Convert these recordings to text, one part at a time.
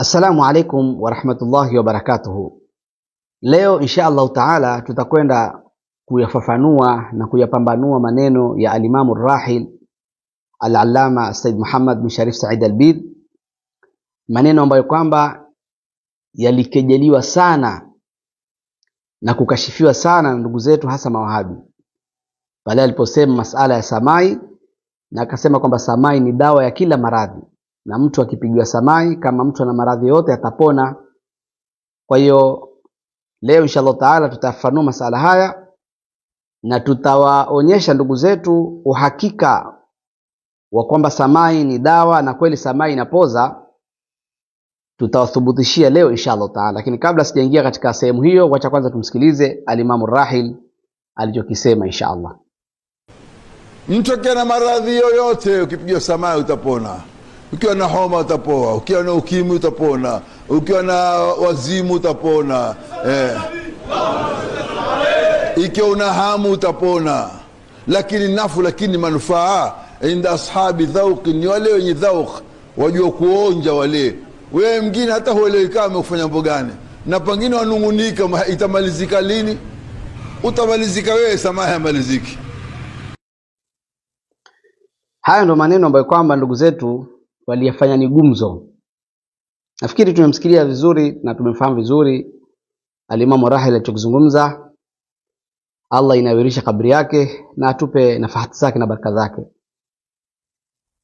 Assalamu alaikum warahmatullahi wabarakatuhu. Leo insha allahu taala tutakwenda kuyafafanua na kuyapambanua maneno ya alimamu rahil al-allama Said Muhammad bin Sharif Said Albid, maneno ambayo kwamba yalikejeliwa sana na kukashifiwa sana na ndugu zetu hasa mawahabi pale aliposema masala ya samai, na akasema kwamba samai ni dawa ya kila maradhi na mtu akipigwa samai, kama mtu ana maradhi yote atapona. Kwa hiyo leo inshallah taala tutafanua masala haya na tutawaonyesha ndugu zetu uhakika wa kwamba samai ni dawa na kweli samai inapoza, tutawathubutishia leo inshallah taala. Lakini kabla sijaingia katika sehemu hiyo, wacha kwanza tumsikilize Alimamu Rahil alichokisema inshallah. Mtu akiwa na maradhi yoyote, ukipigwa samai utapona ukiwa na homa utapoa, ukiwa na ukimwi utapona, ukiwa na wazimu utapona eh. Ikiwa una hamu utapona, lakini nafu, lakini manufaa inda ashabi dhauki, ni wale wenye dhauk, wajua kuonja wale. Wewe mngine hata huelewi kama amekufanya mambo gani, na pengine wanung'unika, itamalizika lini? Utamalizika wewe, samaha amaliziki. Hayo ndo maneno ambayo kwamba ndugu zetu waliyafanya ni gumzo. Nafikiri tumemsikilia vizuri na tumemfahamu vizuri alimamu Rahil alichokizungumza. Allah inawirisha kabri yake na atupe nafahati zake na baraka zake.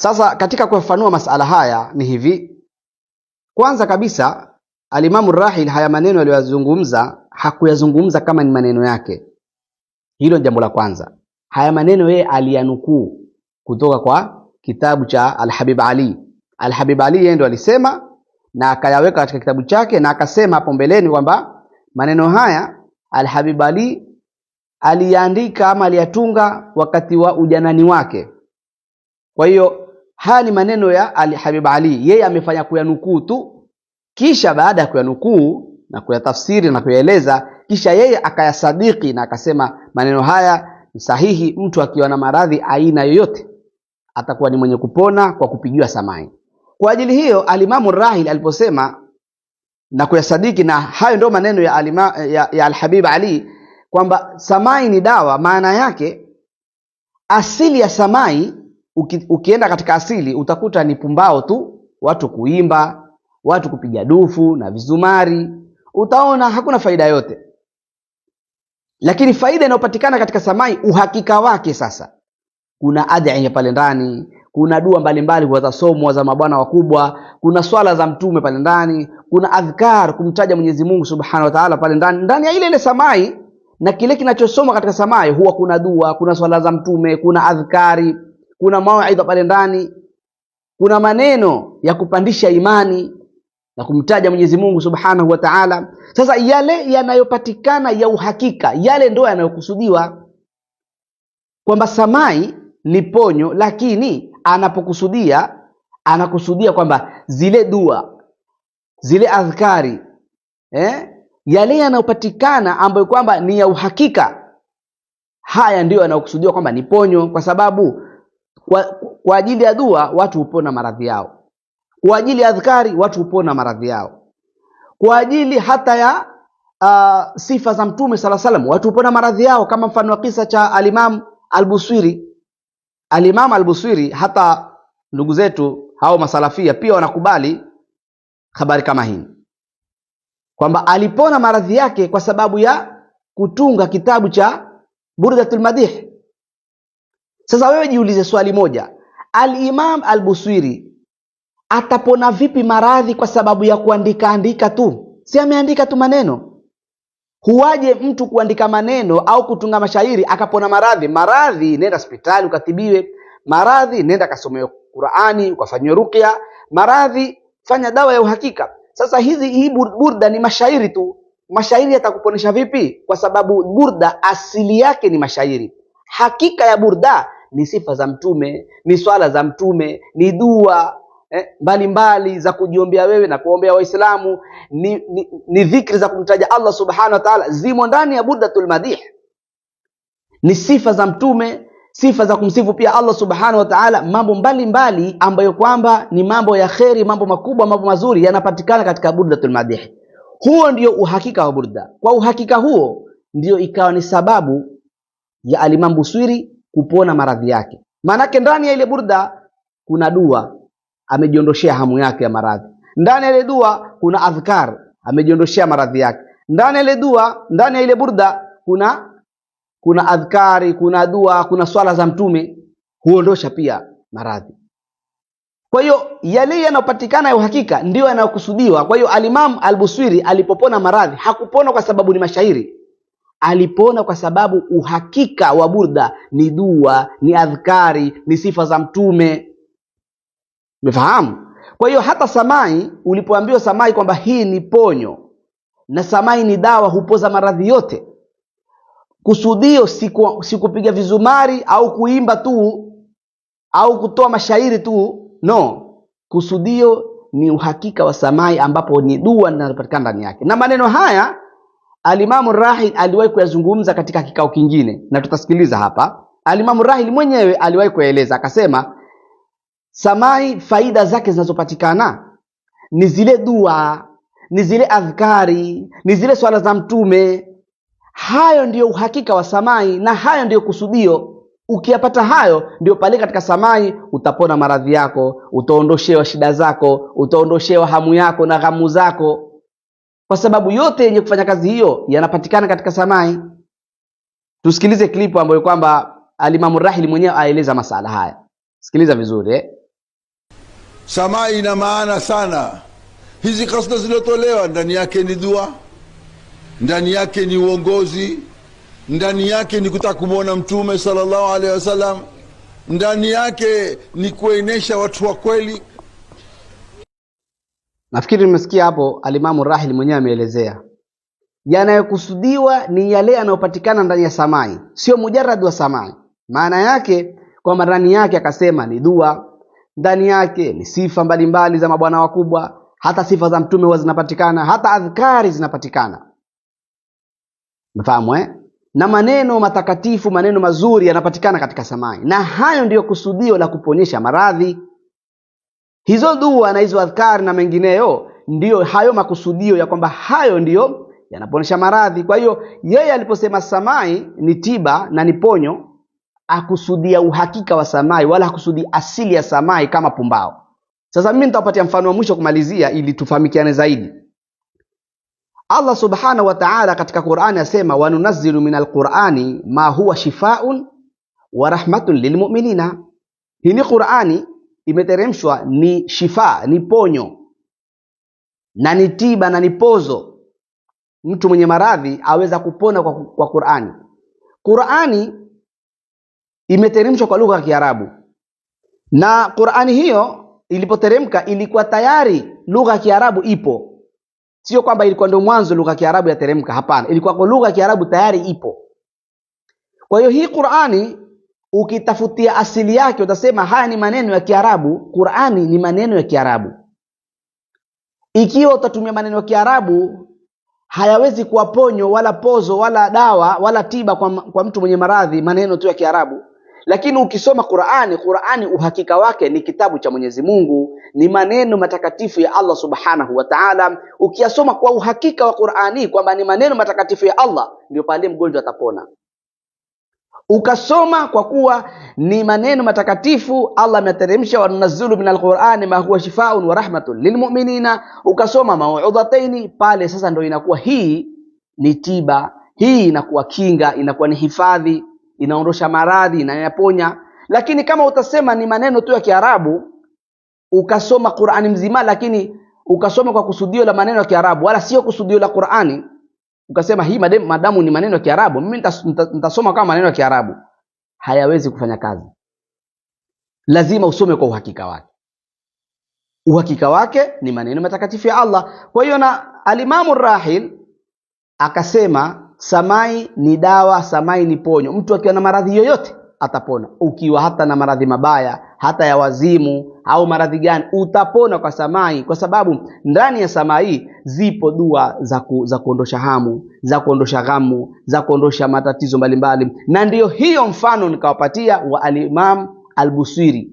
Sasa katika kufafanua masala haya ni hivi, kwanza kabisa alimamu Rahil haya maneno aliyoyazungumza hakuyazungumza kama ni maneno yake. Hilo jambo la kwanza. Haya maneno yeye aliyanukuu kutoka kwa kitabu cha Alhabib Ali Alhabib Ali yeye ndo alisema na akayaweka katika kitabu chake, na akasema hapo mbeleni kwamba maneno haya Alhabib Ali aliyaandika ama aliyatunga wakati wa ujanani wake. Kwa hiyo haya ni maneno ya Alhabib Ali, yeye amefanya kuyanukuu tu, kisha baada ya kuyanukuu na kuyatafsiri na kuyaeleza, kisha yeye akayasadiki na akasema maneno haya ni sahihi. Mtu akiwa na maradhi aina yoyote atakuwa ni mwenye kupona kwa kupigiwa samai. Kwa ajili hiyo alimamu Rahil aliposema na kuyasadiki, na hayo ndio maneno ya, alima, ya, ya Alhabib Ali kwamba samai ni dawa, maana yake asili ya samai uki, ukienda katika asili utakuta ni pumbao tu, watu kuimba, watu kupiga dufu na vizumari, utaona hakuna faida yote. Lakini faida inayopatikana katika samai, uhakika wake sasa, kuna adhiya pale ndani kuna dua mbalimbali huwazasomwa za mabwana wakubwa, kuna swala za mtume pale ndani, kuna adhkar kumtaja Mwenyezi Mungu Subhanahu wa Ta'ala pale ndani. Ndani ya ile ile samai na kile kinachosomwa katika samai huwa kuna dua, kuna swala za mtume, kuna adhkari, kuna mawaidha pale ndani, kuna maneno ya kupandisha imani na kumtaja Mwenyezi Mungu Subhanahu wa Ta'ala. Sasa yale yanayopatikana ya uhakika, yale ndio yanayokusudiwa kwamba samai ni ponyo, lakini anapokusudia anakusudia kwamba zile dua zile adhkari eh, yale yanayopatikana ambayo kwamba ni ya uhakika, haya ndiyo yanayokusudiwa kwamba ni ponyo, kwa sababu kwa, kwa ajili ya dua watu hupona maradhi yao, kwa ajili ya adhkari watu hupona maradhi yao, kwa ajili hata ya uh, sifa za Mtume sala salam watu hupona maradhi yao, kama mfano wa kisa cha alimamu Albuswiri Alimam Albuswiri hata ndugu zetu hao masalafia pia wanakubali habari kama hii kwamba alipona maradhi yake kwa sababu ya kutunga kitabu cha Burdatul Madih. Sasa wewe jiulize swali moja, Alimam Albuswiri atapona vipi maradhi kwa sababu ya kuandika andika tu? Si ameandika tu maneno Huwaje mtu kuandika maneno au kutunga mashairi akapona maradhi? Maradhi nenda hospitali ukatibiwe, maradhi nenda kasomewe Qur'ani ukafanyiwe ruqya, maradhi fanya dawa ya uhakika. Sasa hizi hii burda ni mashairi tu. Mashairi yatakuponesha vipi? Kwa sababu burda asili yake ni mashairi. Hakika ya burda ni sifa za Mtume, ni swala za Mtume, ni dua Eh, mbalimbali eh, za kujiombea wewe na kuombea Waislamu ni, ni, ni dhikri za kumtaja Allah subhanahu wa ta'ala, zimo ndani ya buddatul madih. Ni sifa za Mtume, sifa za kumsifu pia Allah subhanahu wa ta'ala. Mambo mbalimbali ambayo kwamba ni mambo ya kheri, mambo makubwa, mambo mazuri yanapatikana katika buddatul madih. Huo ndio uhakika wa burda. Kwa uhakika huo ndio ikawa ni sababu ya Alimam kupona maradhi yake, maanake ndani ya ile burda kuna dua amejiondoshea hamu yake ya maradhi. Ndani ya ile dua kuna adhkar, amejiondoshea maradhi yake. Ndani ya ile dua, ndani ya ile burda kuna kuna adhkari, kuna dua, kuna swala za Mtume huondosha pia maradhi. Kwa hiyo yale yanayopatikana ya uhakika ndiyo yanayokusudiwa. Kwa hiyo Alimamu Albuswiri alipopona maradhi hakupona kwa sababu ni mashairi, alipona kwa sababu uhakika wa burda ni dua, ni adhkari, ni sifa za Mtume. Umefahamu? Kwa hiyo hata samai, ulipoambiwa samai kwamba hii ni ponyo na samai ni dawa, hupoza maradhi yote, kusudio si kupiga vizumari au kuimba tu au kutoa mashairi tu, no. Kusudio ni uhakika wa samai, ambapo ni dua linalopatikana ndani yake, na maneno haya Alimamu Rahil aliwahi kuyazungumza katika kikao kingine, na tutasikiliza hapa. Alimamu Rahil mwenyewe aliwahi kueleza akasema Samai faida zake zinazopatikana ni zile dua, ni zile adhkari, ni zile swala za Mtume. Hayo ndiyo uhakika wa samai, na hayo ndiyo kusudio. Ukiyapata hayo, ndio pale katika samai utapona maradhi yako, utaondoshewa shida zako, utaondoshewa hamu yako na ghamu zako, kwa sababu yote yenye kufanya kazi hiyo yanapatikana katika samai. Tusikilize klipu ambayo kwamba Alimamu Rahili mwenyewe aeleza masala haya, sikiliza vizuri eh? Samaa ina maana sana. Hizi kasida zilizotolewa ndani yake ni dua, ndani yake ni uongozi, ndani yake ni kutaka kumwona Mtume sallallahu alaihi wasallam, ndani yake ni kuenesha watu wa kweli. Nafikiri nimesikia hapo Alimamu Rahil mwenyewe ameelezea yanayokusudiwa ni yale yanayopatikana ndani ya samai, sio mujarad wa samai. Maana yake kwamba ndani yake akasema ni dua ndani yake ni sifa mbalimbali za mabwana wakubwa, hata sifa za mtume huwa zinapatikana, hata adhkari zinapatikana. Mfahamu eh? na maneno matakatifu, maneno mazuri yanapatikana katika samai, na hayo ndiyo kusudio la kuponyesha maradhi. Hizo dua na hizo adhkari na mengineyo, ndiyo hayo makusudio ya kwamba hayo ndiyo yanaponyesha maradhi. Kwa hiyo yeye aliposema samai ni tiba na ni ponyo hakusudia uhakika wa samai wala hakusudi asili ya samai kama pumbao. Sasa mimi nitawapatia mfano wa mwisho kumalizia, ili tufahamikiane zaidi. Allah subhanahu wa ta'ala katika Qur'ani asema, wanunazzilu minal qur'ani ma huwa shifaun wa rahmatun lilmu'minina. Hili Qur'ani imeteremshwa ni shifa, ni ponyo na ni tiba na ni pozo. Mtu mwenye maradhi aweza kupona kwa Qur'ani. Qur'ani imeteremshwa kwa lugha ya Kiarabu, na Qur'ani hiyo ilipoteremka ilikuwa tayari lugha ya Kiarabu ipo. Sio kwamba ilikuwa ndio mwanzo lugha ya Kiarabu yateremka, hapana, ilikuwa kwa lugha ya Kiarabu tayari ipo. Kwa hiyo hii Qur'ani ukitafutia asili yake utasema haya ni maneno ya Kiarabu. Qur'ani ni maneno ya Kiarabu. Ikiwa utatumia maneno ya Kiarabu hayawezi kuwa ponyo wala pozo wala dawa wala tiba kwa, kwa mtu mwenye maradhi. Maneno tu ya Kiarabu lakini ukisoma Qur'ani, Qur'ani uhakika wake ni kitabu cha Mwenyezi Mungu, ni maneno matakatifu ya Allah Subhanahu wa Ta'ala. Ukiyasoma kwa uhakika wa Qur'ani kwamba ni maneno matakatifu ya Allah, ndio pale mgonjwa atapona. Ukasoma kwa kuwa ni maneno matakatifu, Allah ameteremsha, wanunazzilu min alqurani ma huwa shifaun wa rahmatun lilmuminina. Ukasoma mauudhataini pale, sasa ndio inakuwa hii ni tiba, hii inakuwa kinga, inakuwa ni hifadhi inaondosha maradhi na inaponya. Lakini kama utasema ni maneno tu ya Kiarabu ukasoma Qur'ani mzima, lakini ukasoma kwa kusudio la maneno ya Kiarabu wala sio kusudio la Qur'ani, ukasema hii madamu, madamu ni maneno ya Kiarabu, mimi nitasoma kama maneno ya Kiarabu, hayawezi kufanya kazi. Lazima usome kwa uhakika wake. Uhakika wake ni maneno matakatifu ya Allah. Kwa hiyo na alimamu Rahil akasema Samai ni dawa, samai ni ponyo. Mtu akiwa na maradhi yoyote atapona, ukiwa hata na maradhi mabaya hata ya wazimu au maradhi gani, utapona kwa samai, kwa sababu ndani ya samai zipo dua za, ku, za kuondosha hamu, za kuondosha ghamu, za kuondosha matatizo mbalimbali, na ndiyo hiyo mfano nikawapatia wa Alimam Albusiri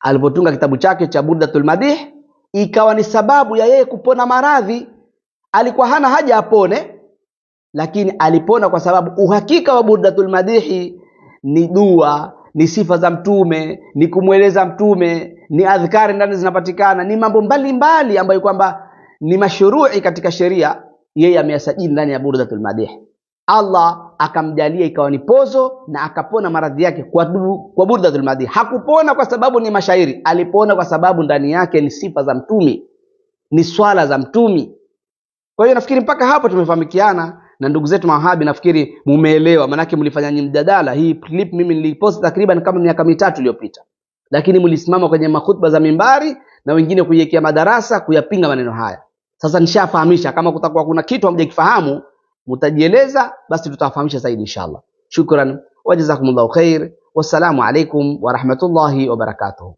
alipotunga kitabu chake cha Burdatul Madih, ikawa ni sababu ya yeye kupona maradhi. Alikuwa hana haja apone lakini alipona kwa sababu uhakika wa burdatul madihi ni dua, ni sifa za Mtume, ni kumweleza Mtume, ni adhkari ndani zinapatikana, ni mambo mbalimbali ambayo kwamba ni mashuru'i katika sheria, yeye ameyasajili ndani ya burdatul madihi. Allah akamjalia ikawa ni pozo na akapona maradhi yake kwa, kwa burdatul madihi. Hakupona kwa sababu ni mashairi, alipona kwa sababu ndani yake ni sifa za Mtume, ni swala za Mtume. Kwa hiyo nafikiri mpaka hapo tumefahamikiana na ndugu zetu mahabi, nafikiri mumeelewa, maanake mlifanya nyi mjadala. Hii clip mimi nilipost takriban kama miaka mitatu iliyopita, lakini mlisimama kwenye mahutba za mimbari na wengine kuiwekea madarasa kuyapinga maneno haya. Sasa nishafahamisha, kama kutakuwa kuna kitu hamjakifahamu mtajieleza, basi tutawafahamisha zaidi inshallah. Shukran wa jazakumullahu khair, wassalamu alaikum wa barakatuh.